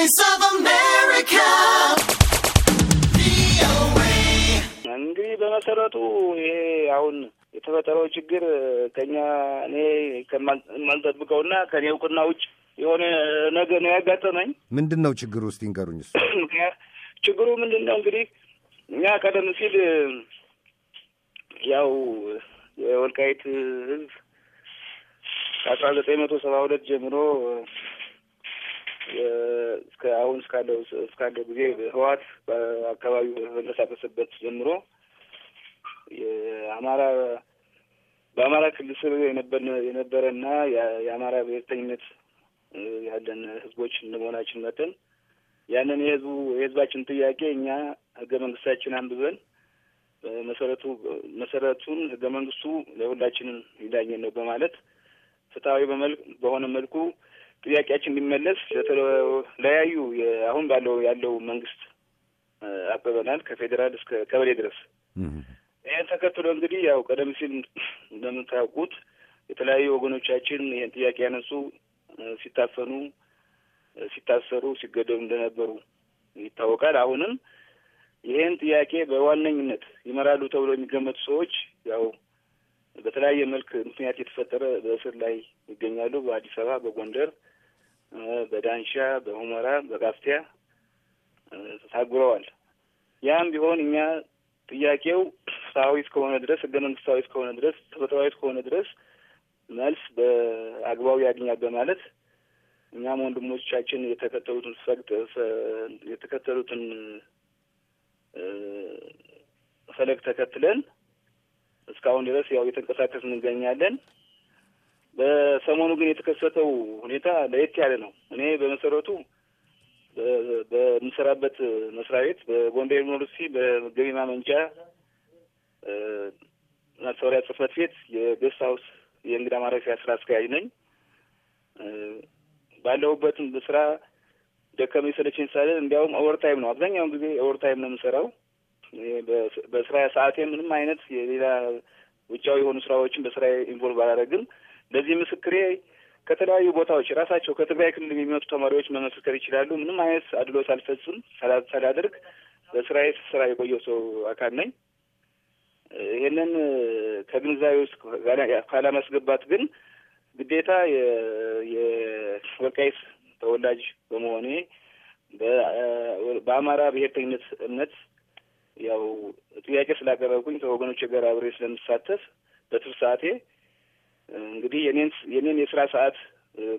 Voice of America. እንግዲህ በመሰረቱ ይሄ አሁን የተፈጠረው ችግር ከኛ እኔ እና ከኔ እውቅና ውጭ የሆነ ነገር ነው ያጋጠመኝ። ምንድን ነው ችግሩ? እስቲ ንገሩኝ። ችግሩ ምንድን ነው? እንግዲህ እኛ ቀደም ሲል ያው የወልቃይት ህዝብ ከአስራ ዘጠኝ መቶ ሰባ ሁለት ጀምሮ እስከ አሁን እስካለው እስካለው ጊዜ ህወሓት በአካባቢው በተንቀሳቀሰበት ጀምሮ የአማራ በአማራ ክልል ስር የነበረና የአማራ ብሔርተኝነት ያለን ህዝቦች እንደመሆናችን መጠን ያንን የህዝቡ የህዝባችን ጥያቄ እኛ ህገ መንግስታችን አንብበን መሰረቱ መሰረቱን ህገ መንግስቱ ለሁላችንም ይዳኘን ነው በማለት ፍትሐዊ በመልክ በሆነ መልኩ ጥያቄያችን ቢመለስ ለተለያዩ አሁን ባለው ያለው መንግስት አበበናል ከፌዴራል እስከ ቀበሌ ድረስ። ይህን ተከትሎ እንግዲህ ያው ቀደም ሲል እንደምታውቁት የተለያዩ ወገኖቻችን ይህን ጥያቄ ያነሱ ሲታፈኑ፣ ሲታሰሩ፣ ሲገደሉ እንደነበሩ ይታወቃል። አሁንም ይህን ጥያቄ በዋነኝነት ይመራሉ ተብሎ የሚገመቱ ሰዎች ያው በተለያየ መልክ ምክንያት የተፈጠረ በእስር ላይ ይገኛሉ። በአዲስ አበባ፣ በጎንደር በዳንሻ በሁመራ በቃፍቲያ ታጉረዋል። ያም ቢሆን እኛ ጥያቄው ፍትሐዊ እስከሆነ ድረስ ህገ መንግስታዊ እስከሆነ ድረስ ተፈጥሯዊ እስከሆነ ድረስ መልስ በአግባቡ ያገኛል በማለት እኛም ወንድሞቻችን የተከተሉትን ፈቅድ የተከተሉትን ፈለግ ተከትለን እስካሁን ድረስ ያው እየተንቀሳቀስ እንገኛለን። በሰሞኑ ግን የተከሰተው ሁኔታ ለየት ያለ ነው። እኔ በመሰረቱ በምሰራበት መስሪያ ቤት በጎንደር ዩኒቨርሲቲ በገቢ ማመንጫ ማስተባበሪያ ጽሕፈት ቤት የገስት ሀውስ የእንግዳ ማረፊያ ስራ አስኪያጅ ነኝ። ባለሁበትም ስራ ደከመኝ ሰለቸኝ ሳለ እንዲያውም ኦቨርታይም ነው፣ አብዛኛውን ጊዜ ኦቨርታይም ነው የምሰራው። በስራ ሰዓቴ ምንም አይነት የሌላ ውጫዊ የሆኑ ስራዎችን በስራ ኢንቮልቭ አላደረግም። ለዚህ ምስክሬ ከተለያዩ ቦታዎች ራሳቸው ከትግራይ ክልል የሚመጡ ተማሪዎች መመስከር ይችላሉ። ምንም አይነት አድሎ ሳልፈጽም ሳላደርግ በስራዬ ስራ የቆየው ሰው አካል ነኝ። ይህንን ከግንዛቤ ውስጥ ካላማስገባት ግን ግዴታ የወልቃይት ተወላጅ በመሆኔ በአማራ ብሔርተኝነት እምነት ያው ጥያቄ ስላቀረብኩኝ ከወገኖች ጋር አብሬ ስለምሳተፍ በትርፍ ሰዓቴ እንግዲህ የኔን የኔን የስራ ሰዓት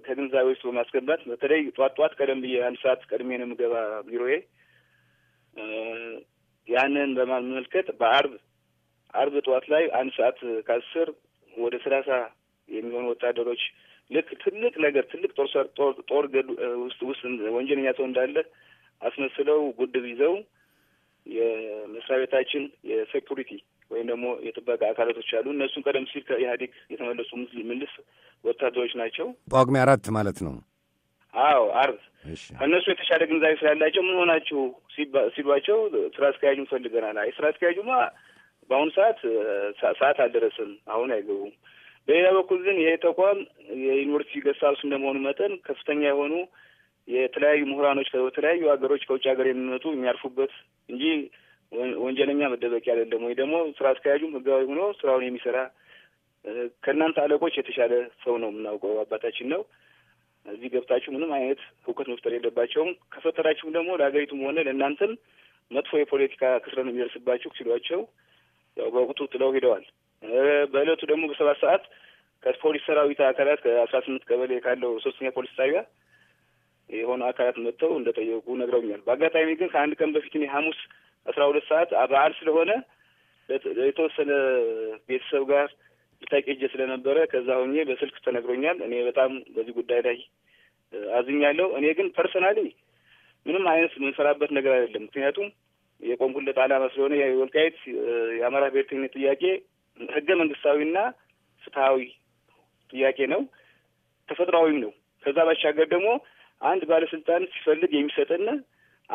ከግንዛቤ ውስጥ በማስገባት በተለይ ጧት ጧት ቀደም ብዬ አንድ ሰዓት ቀድሜ ነው የምገባ ቢሮዬ። ያንን በማመልከት በአርብ አርብ ጠዋት ላይ አንድ ሰዓት ከአስር ወደ ሰላሳ የሚሆኑ ወታደሮች ልክ ትልቅ ነገር ትልቅ ጦር ጦር ውስጥ ውስጥ ወንጀለኛ ሰው እንዳለ አስመስለው ጉድብ ይዘው የመስሪያ ቤታችን የሴኩሪቲ ወይም ደግሞ የጥበቃ አካላቶች አሉ። እነሱን ቀደም ሲል ከኢህአዴግ የተመለሱ ምልስ ወታደሮች ናቸው። ጳጉሜ አራት ማለት ነው። አዎ አርብ ከእነሱ የተሻለ ግንዛቤ ስላላቸው ምን ሆናችሁ ሲሏቸው ስራ አስኪያጁን ፈልገናል። አይ ስራ አስኪያጁማ በአሁኑ ሰዓት ሰዓት አልደረስም፣ አሁን አይገቡም። በሌላ በኩል ግን ይሄ ተቋም የዩኒቨርሲቲ ገሳሱ እንደመሆኑ መጠን ከፍተኛ የሆኑ የተለያዩ ምሁራኖች ከተለያዩ ሀገሮች ከውጭ ሀገር የሚመጡ የሚያርፉበት እንጂ ወንጀለኛ መደበቂያ አይደለም ወይ ደግሞ ስራ አስኪያጁም ህጋዊ ሆኖ ስራውን የሚሰራ ከእናንተ አለቆች የተሻለ ሰው ነው የምናውቀው አባታችን ነው። እዚህ ገብታችሁ ምንም አይነት እውቀት መፍጠር የለባቸውም። ከፈጠራችሁም ደግሞ ለሀገሪቱም ሆነ ለእናንተም መጥፎ የፖለቲካ ክስረ ነው የሚደርስባችሁ ሲሏቸው ያው በወቅቱ ጥለው ሄደዋል። በእለቱ ደግሞ በሰባት ሰዓት ከፖሊስ ሰራዊት አካላት ከአስራ ስምንት ቀበሌ ካለው ሶስተኛ ፖሊስ ጣቢያ የሆኑ አካላት መጥተው እንደጠየቁ ነግረውኛል። በአጋጣሚ ግን ከአንድ ቀን በፊት እኔ ሀሙስ አስራ ሁለት ሰዓት በዓል ስለሆነ የተወሰነ ቤተሰብ ጋር ልታቄጀ ስለነበረ ከዛ ሆኜ በስልክ ተነግሮኛል። እኔ በጣም በዚህ ጉዳይ ላይ አዝኛለሁ። እኔ ግን ፐርሰናሊ ምንም አይነት የምንሰራበት ነገር አይደለም። ምክንያቱም የቆምኩለት ዓላማ ስለሆነ የወልቃይት የአማራ ብሔርተኝነት ጥያቄ ህገ መንግስታዊና ፍትሀዊ ጥያቄ ነው፣ ተፈጥሯዊም ነው። ከዛ ባሻገር ደግሞ አንድ ባለስልጣን ሲፈልግ የሚሰጠን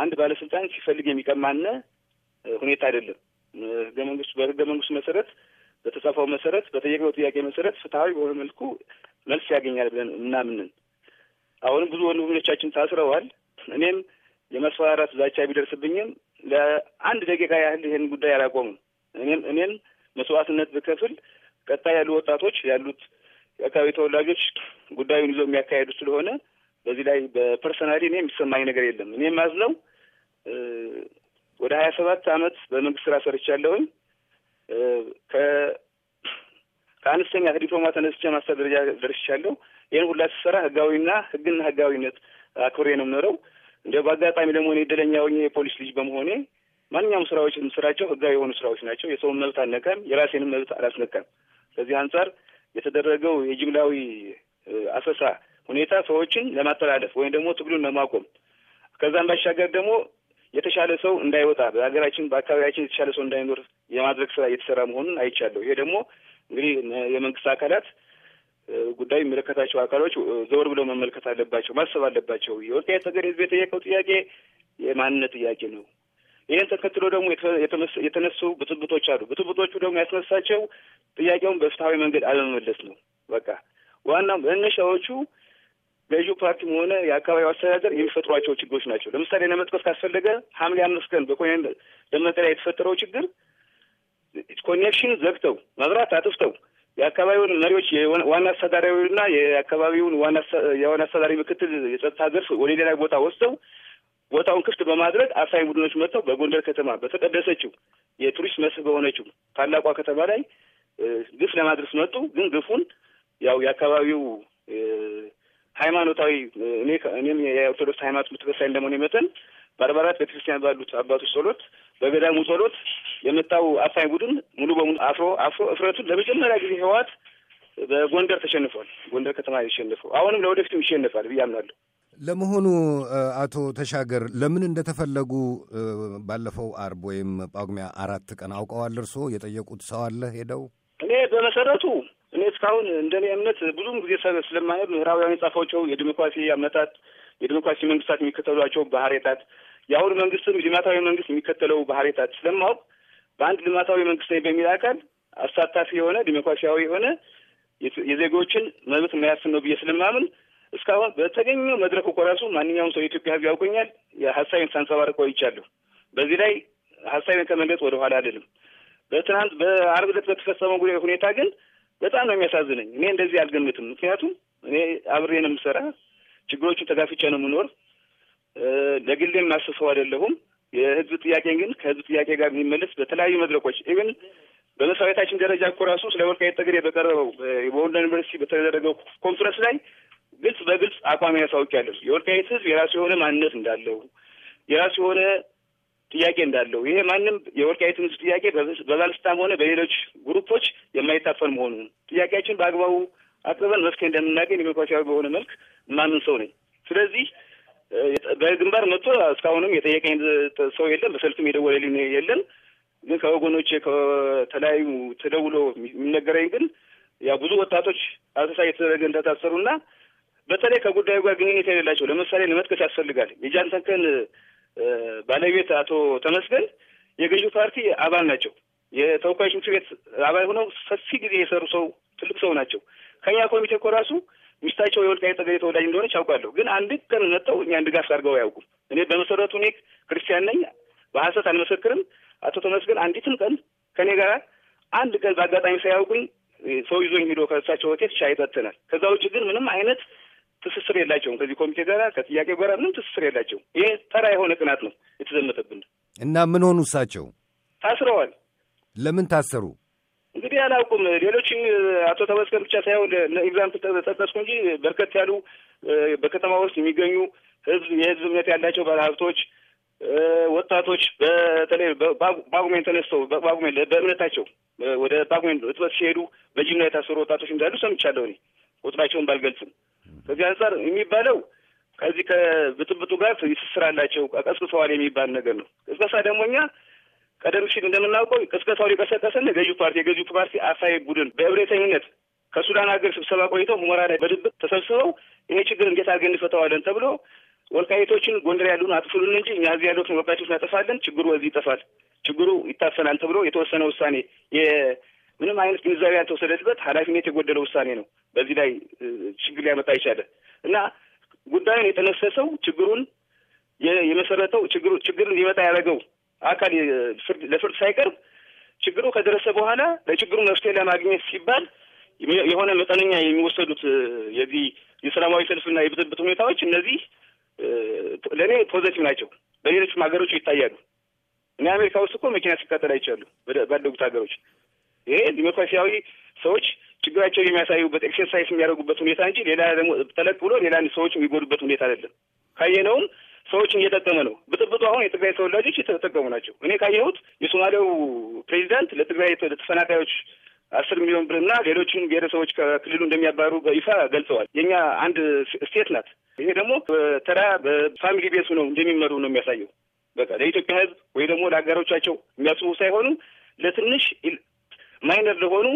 አንድ ባለስልጣን ሲፈልግ የሚቀማነ ሁኔታ አይደለም። ህገ መንግስቱ በህገ መንግስቱ መሰረት በተጻፈው መሰረት በጠየቅነው ጥያቄ መሰረት ፍትሀዊ በሆነ መልኩ መልስ ያገኛል ብለን እናምንን። አሁንም ብዙ ወንድሞቻችን ታስረዋል። እኔም የመስፈራራት ዛቻ ቢደርስብኝም ለአንድ ደቂቃ ያህል ይህን ጉዳይ አላቆምም። እኔም እኔም መስዋዕትነት ብከፍል ቀጣይ ያሉ ወጣቶች ያሉት የአካባቢ ተወላጆች ጉዳዩን ይዘው የሚያካሄዱ ስለሆነ በዚህ ላይ በፐርሰናሊ እኔ የሚሰማኝ ነገር የለም። እኔ ማዝነው ወደ ሀያ ሰባት አመት በመንግስት ስራ ሰርቻለሁኝ። ከአነስተኛ ከዲፕሎማ ተነስቼ ማስተር ደረጃ ደርሻለሁ። ይህን ሁላ ስሰራ ህጋዊና ህግና ህጋዊነት አክብሬ ነው የምኖረው። እንደ በአጋጣሚ ደግሞ እኔ እድለኛ ሆኜ የፖሊስ ልጅ በመሆኔ ማንኛውም ስራዎች የምሰራቸው ህጋዊ የሆኑ ስራዎች ናቸው። የሰውን መብት አልነካም፣ የራሴንም መብት አላስነካም። ከዚህ አንጻር የተደረገው የጅምላዊ አሰሳ ሁኔታ ሰዎችን ለማተላለፍ ወይም ደግሞ ትግሉን ለማቆም ከዛም ባሻገር ደግሞ የተሻለ ሰው እንዳይወጣ በሀገራችን በአካባቢያችን የተሻለ ሰው እንዳይኖር የማድረግ ስራ እየተሰራ መሆኑን አይቻለሁ። ይሄ ደግሞ እንግዲህ የመንግስት አካላት ጉዳዩ የሚመለከታቸው አካሎች ዘወር ብለው መመልከት አለባቸው፣ ማሰብ አለባቸው። የወልቃይት ጠገዴ ህዝብ የጠየቀው ጥያቄ የማንነት ጥያቄ ነው። ይህን ተከትሎ ደግሞ የተነሱ ብጥብጦች አሉ። ብጥብጦቹ ደግሞ ያስነሳቸው ጥያቄውን በፍትሐዊ መንገድ አለመመለስ ነው። በቃ ዋናው መነሻዎቹ ገዢው ፓርቲም ሆነ የአካባቢው አስተዳደር የሚፈጥሯቸው ችግሮች ናቸው። ለምሳሌ ለመጥቀስ ካስፈለገ ሐምሌ አምስት ቀን በኮኔ ደመጠሪያ የተፈጠረው ችግር ኮኔክሽን ዘግተው መብራት አጥፍተው የአካባቢውን መሪዎች ዋና አስተዳዳሪና የአካባቢውን የዋና አስተዳዳሪ ምክትል የጸጥታ ዘርፍ ወደ ሌላ ቦታ ወስደው ቦታውን ክፍት በማድረግ አሳይ ቡድኖች መጥተው በጎንደር ከተማ በተቀደሰችው የቱሪስት መስህብ በሆነችው ታላቋ ከተማ ላይ ግፍ ለማድረስ መጡ። ግን ግፉን ያው የአካባቢው ሃይማኖታዊ እኔ እኔም የኦርቶዶክስ ሃይማኖት የምትበሳይ እንደመሆኔ መጠን በአድባራት ቤተክርስቲያን ባሉት አባቶች ጸሎት፣ በገዳሙ ጸሎት የመጣው አፋኝ ቡድን ሙሉ በሙሉ አፍሮ አፍሮ እፍረቱን ለመጀመሪያ ጊዜ ህወሓት በጎንደር ተሸንፏል። ጎንደር ከተማ ይሸንፈው አሁንም ለወደፊትም ይሸንፋል ብዬ አምናለሁ። ለመሆኑ አቶ ተሻገር ለምን እንደተፈለጉ ባለፈው አርብ ወይም ጳጉሚያ አራት ቀን አውቀዋል? እርስዎ የጠየቁት ሰው አለ ሄደው? እኔ በመሰረቱ እስካሁን እንደኔ እምነት ብዙም ጊዜ ስለማነብ ምዕራባውያን የጻፏቸው የዲሞክራሲ አመጣት የዲሞክራሲ መንግስታት የሚከተሏቸው ባህሬታት የአሁኑ መንግስትም ልማታዊ መንግስት የሚከተለው ባህሬታት ስለማወቅ በአንድ ልማታዊ መንግስት ላይ በሚል አካል አሳታፊ የሆነ ዲሞክራሲያዊ የሆነ የዜጎችን መብት መያስን ነው ብዬ ስለማምን እስካሁን በተገኘው መድረክ እኮ ራሱ ማንኛውም ሰው የኢትዮጵያ ሕዝብ ያውቀኛል ሀሳቤን ሳንጸባርቅ ቆይቻለሁ። በዚህ ላይ ሀሳቤን ከመግለጽ ወደኋላ አይደለም። በትናንት በአርብ ዕለት በተፈጸመው ጉዳይ ሁኔታ ግን በጣም ነው የሚያሳዝነኝ። እኔ እንደዚህ አልገምትም። ምክንያቱም እኔ አብሬ ነው የምሰራ፣ ችግሮቹን ተጋፍቼ ነው የምኖር። ለግሌ የማስበው አይደለሁም። የህዝብ ጥያቄ ግን ከህዝብ ጥያቄ ጋር የሚመለስ በተለያዩ መድረኮች ኢቭን በመስሪያቤታችን ደረጃ እኮ ራሱ ስለ ወልቃይት ጠገዴ በቀረበው በወልዲያ ዩኒቨርሲቲ በተደረገው ኮንፈረንስ ላይ ግልጽ በግልጽ አቋሚ ያሳውቅ ያለሁ የወልቃይት ህዝብ የራሱ የሆነ ማንነት እንዳለው የራሱ የሆነ ጥያቄ እንዳለው ይሄ ማንም የወልቃይቱን ህዝብ ጥያቄ በባለስልጣን ሆነ በሌሎች ግሩፖች የማይታፈን መሆኑን ጥያቄያችን በአግባቡ አቅርበን መፍትሄ እንደምናገኝ ዲሞክራሲያዊ በሆነ መልክ ማምን ሰው ነኝ። ስለዚህ በግንባር መጥቶ እስካሁንም የጠየቀኝ ሰው የለም፣ በሰልፍም የደወለልኝ የለም። ግን ከወገኖቼ ከተለያዩ ተደውሎ የሚነገረኝ ግን ያ ብዙ ወጣቶች አሰሳ እየተደረገ እንደታሰሩና በተለይ ከጉዳዩ ጋር ግንኙነት የሌላቸው ለምሳሌ ለመጥቀስ ያስፈልጋል የጃን ባለቤት አቶ ተመስገን የገዢው ፓርቲ አባል ናቸው። የተወካዮች ምክር ቤት አባል ሆነው ሰፊ ጊዜ የሰሩ ሰው ትልቅ ሰው ናቸው። ከኛ ኮሚቴ እኮ ራሱ ሚስታቸው የወልቃይት ጠገዴ ተወላጅ እንደሆነች አውቃለሁ። ግን አንድ ቀን መጥተው እኛን ድጋፍ አድርገው አያውቁም። እኔ በመሰረቱ እኔ ክርስቲያን ነኝ፣ በሀሰት አልመሰክርም። አቶ ተመስገን አንዲትም ቀን ከእኔ ጋር አንድ ቀን በአጋጣሚ ሳያውቁኝ ሰው ይዞኝ ሄዶ ከእሳቸው ሆቴል ሻይ ጠጥተናል። ከዛ ውጭ ግን ምንም አይነት ትስስር የላቸውም። ከዚህ ኮሚቴ ጋር ከጥያቄው ጋር ምንም ትስስር የላቸውም። ይህ ተራ የሆነ ቅናት ነው የተዘመተብን። እና ምን ሆኑ? እሳቸው ታስረዋል። ለምን ታሰሩ? እንግዲህ አላውቁም። ሌሎች አቶ ተመስገን ብቻ ሳይሆን ኤግዛምፕል ጠቀስኩ እንጂ በርከት ያሉ በከተማ ውስጥ የሚገኙ ህዝብ የህዝብ እምነት ያላቸው ባለሀብቶች፣ ወጣቶች በተለይ ባጉሜን ተነስተው ባጉሜን በእምነታቸው ወደ ባጉሜን እጥበት ሲሄዱ በጅምላ የታሰሩ ወጣቶች እንዳሉ ሰምቻለሁ። እኔ ቁጥራቸውን ባልገልጽም ከዚህ አንጻር የሚባለው ከዚህ ከብጥብጡ ጋር ይስስራላቸው ቀስቅሰዋል የሚባል ነገር ነው። ቅስቀሳ ደግሞ እኛ ቀደም ሲል እንደምናውቀው ቅስቀሳውን የቀሰቀሰን የገዢ ፓርቲ የገዢ ፓርቲ አፋይ ቡድን በእብሬተኝነት ከሱዳን ሀገር ስብሰባ ቆይተው ሁመራ ላይ በድብቅ ተሰብስበው ይሄ ችግር እንዴት አድርገን እንፈተዋለን ተብሎ ወልቃይቶችን ጎንደር ያሉን አጥፉልን እንጂ እኛ እዚህ ያሉትን ወልቃይቶች እናጠፋለን፣ ችግሩ እዚህ ይጠፋል፣ ችግሩ ይታፈናል ተብሎ የተወሰነ ውሳኔ ምንም አይነት ግንዛቤ ያልተወሰደበት ኃላፊነት የጎደለ ውሳኔ ነው። በዚህ ላይ ችግር ሊያመጣ ይቻለ እና ጉዳዩን የጠነሰሰው ችግሩን የመሰረተው ችግሩ ችግር ሊመጣ ያደረገው አካል ለፍርድ ሳይቀርብ ችግሩ ከደረሰ በኋላ ለችግሩ መፍትሄ ለማግኘት ሲባል የሆነ መጠነኛ የሚወሰዱት የዚህ የሰላማዊ ሰልፍና የብጥብጥ ሁኔታዎች እነዚህ ለእኔ ፖዘቲቭ ናቸው። በሌሎችም ሀገሮች ይታያሉ። እኔ አሜሪካ ውስጥ እኮ መኪና ሲቃጠል አይቻሉ ባደጉት ሀገሮች ይሄ ዲሞክራሲያዊ ሰዎች ችግራቸውን የሚያሳዩበት ኤክሰርሳይዝ የሚያደርጉበት ሁኔታ እንጂ ሌላ ደግሞ ተለቅ ብሎ ሌላ ሰዎች የሚጎዱበት ሁኔታ አይደለም። ካየነውም ሰዎችን እየጠቀመ ነው። ብጥብጡ አሁን የትግራይ ተወላጆች የተጠቀሙ ናቸው። እኔ ካየሁት የሶማሌው ፕሬዚዳንት ለትግራይ ተፈናቃዮች አስር ሚሊዮን ብርና ሌሎችን ብሔረሰቦች ከክልሉ እንደሚያባሩ በይፋ ገልጸዋል። የኛ አንድ ስቴት ናት። ይሄ ደግሞ በተራ በፋሚሊ ቤሱ ነው እንደሚመሩ ነው የሚያሳየው። በቃ ለኢትዮጵያ ሕዝብ ወይ ደግሞ ለአጋሮቻቸው የሚያስቡ ሳይሆኑ ለትንሽ ማይነር ለሆኑ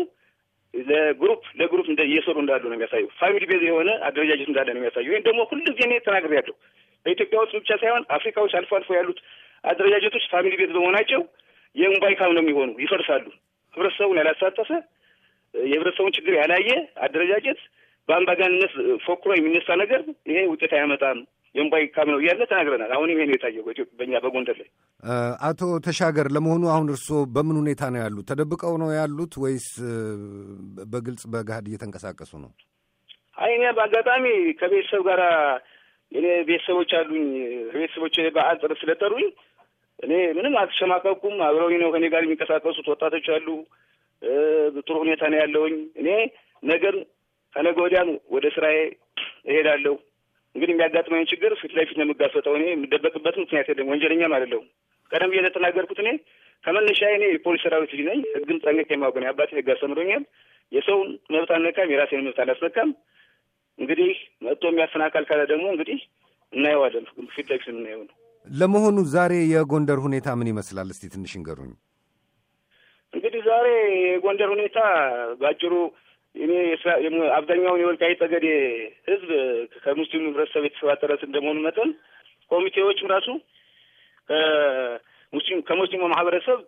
ለግሩፕ ለግሩፕ እየሰሩ እንዳሉ ነው የሚያሳዩ። ፋሚሊ ቤዝ የሆነ አደረጃጀት እንዳለ ነው የሚያሳዩ። ወይም ደግሞ ሁሉ ሁልጊዜ እኔ ያለው በኢትዮጵያ ውስጥ ብቻ ሳይሆን አፍሪካ ውስጥ አልፎ አልፎ ያሉት አደረጃጀቶች ፋሚሊ ቤዝ በመሆናቸው የሙምባይ ካብ ነው የሚሆኑ፣ ይፈርሳሉ። ህብረተሰቡን ያላሳተፈ የህብረተሰቡን ችግር ያላየ አደረጃጀት በአምባገነንነት ፎክሮ የሚነሳ ነገር ይሄ ውጤት አያመጣም። ካሚ ነው እያለ ተናግረናል። አሁን ይሄ ነው የታየው በእኛ በጎንደር ላይ። አቶ ተሻገር ለመሆኑ አሁን እርስዎ በምን ሁኔታ ነው ያሉት? ተደብቀው ነው ያሉት ወይስ በግልጽ በገሀድ እየተንቀሳቀሱ ነው? አይ እኔ በአጋጣሚ ከቤተሰብ ጋር እኔ ቤተሰቦች አሉኝ። ቤተሰቦች በዓል ጥር ስለጠሩኝ እኔ ምንም አልተሸማቀቅኩም። አብረውኝ ነው ከኔ ጋር የሚንቀሳቀሱት ወጣቶች አሉ። ጥሩ ሁኔታ ነው ያለውኝ። እኔ ነገር ከነገ ወዲያም ወደ ስራዬ እሄዳለሁ። እንግዲህ የሚያጋጥመኝ ችግር ፊት ለፊት ነው የምጋፈጠው። እኔ የምደበቅበት ምክንያት የለም፣ ወንጀለኛም አይደለሁም። ቀደም ብዬ እንደተናገርኩት እኔ ከመነሻ እኔ የፖሊስ ሰራዊት ልጅ ነኝ። ህግም ጠንቅቄ የማውቅ ነኝ። አባቴ ህግ አስተምሮኛል። የሰውን መብት አልነካም፣ የራሴን መብት አላስነካም። እንግዲህ መጥቶ የሚያፈናቃል ካለ ደግሞ እንግዲህ እናየዋለን፣ ፊት ለፊት የምናየው ነው። ለመሆኑ ዛሬ የጎንደር ሁኔታ ምን ይመስላል? እስቲ ትንሽ እንገሩኝ። እንግዲህ ዛሬ የጎንደር ሁኔታ በአጭሩ እኔ አብዛኛውን የወልቃይት ጠገዴ ህዝብ ከሙስሊሙ ህብረተሰብ የተሰባጠረ እንደመሆኑ መጠን ኮሚቴዎችም ራሱ ከሙስሊሙ ማህበረሰብ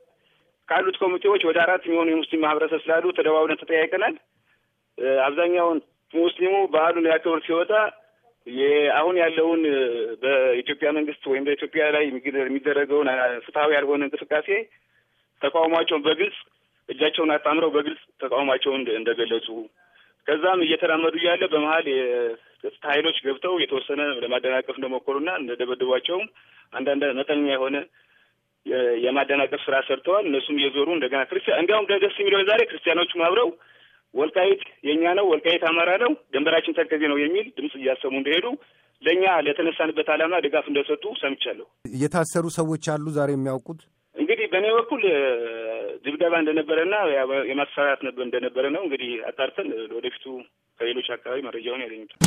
ካሉት ኮሚቴዎች ወደ አራት የሚሆኑ የሙስሊም ማህበረሰብ ስላሉ ተደባብነ ተጠያይቀናል። አብዛኛውን ሙስሊሙ በዓሉን ሊያከብር ሲወጣ አሁን ያለውን በኢትዮጵያ መንግስት ወይም በኢትዮጵያ ላይ የሚደረገውን ፍትሐዊ ያልሆነ እንቅስቃሴ ተቃውሟቸውን በግልጽ እጃቸውን አጣምረው በግልጽ ተቃውሟቸውን እንደገለጹ ከዛም እየተራመዱ እያለ በመሀል የጸጥታ ኃይሎች ገብተው የተወሰነ ለማደናቀፍ እንደሞከሩና እንደደበደቧቸውም አንዳንድ መጠነኛ የሆነ የማደናቀፍ ስራ ሰርተዋል። እነሱም እየዞሩ እንደገና ክርስቲያን እንዲያውም ደስ የሚለው ዛሬ ክርስቲያኖቹም አብረው ወልቃይት የእኛ ነው፣ ወልቃይት አማራ ነው፣ ድንበራችን ተከዜ ነው የሚል ድምፅ እያሰሙ እንደሄዱ ለእኛ ለተነሳንበት ዓላማ ድጋፍ እንደሰጡ ሰምቻለሁ። የታሰሩ ሰዎች አሉ ዛሬ የሚያውቁት እንግዲህ በእኔ በኩል ድብደባ እንደነበረና የማስፈራራት ነበር እንደነበረ ነው። እንግዲህ አጣርተን ወደፊቱ ከሌሎች አካባቢ መረጃውን ያገኙታል።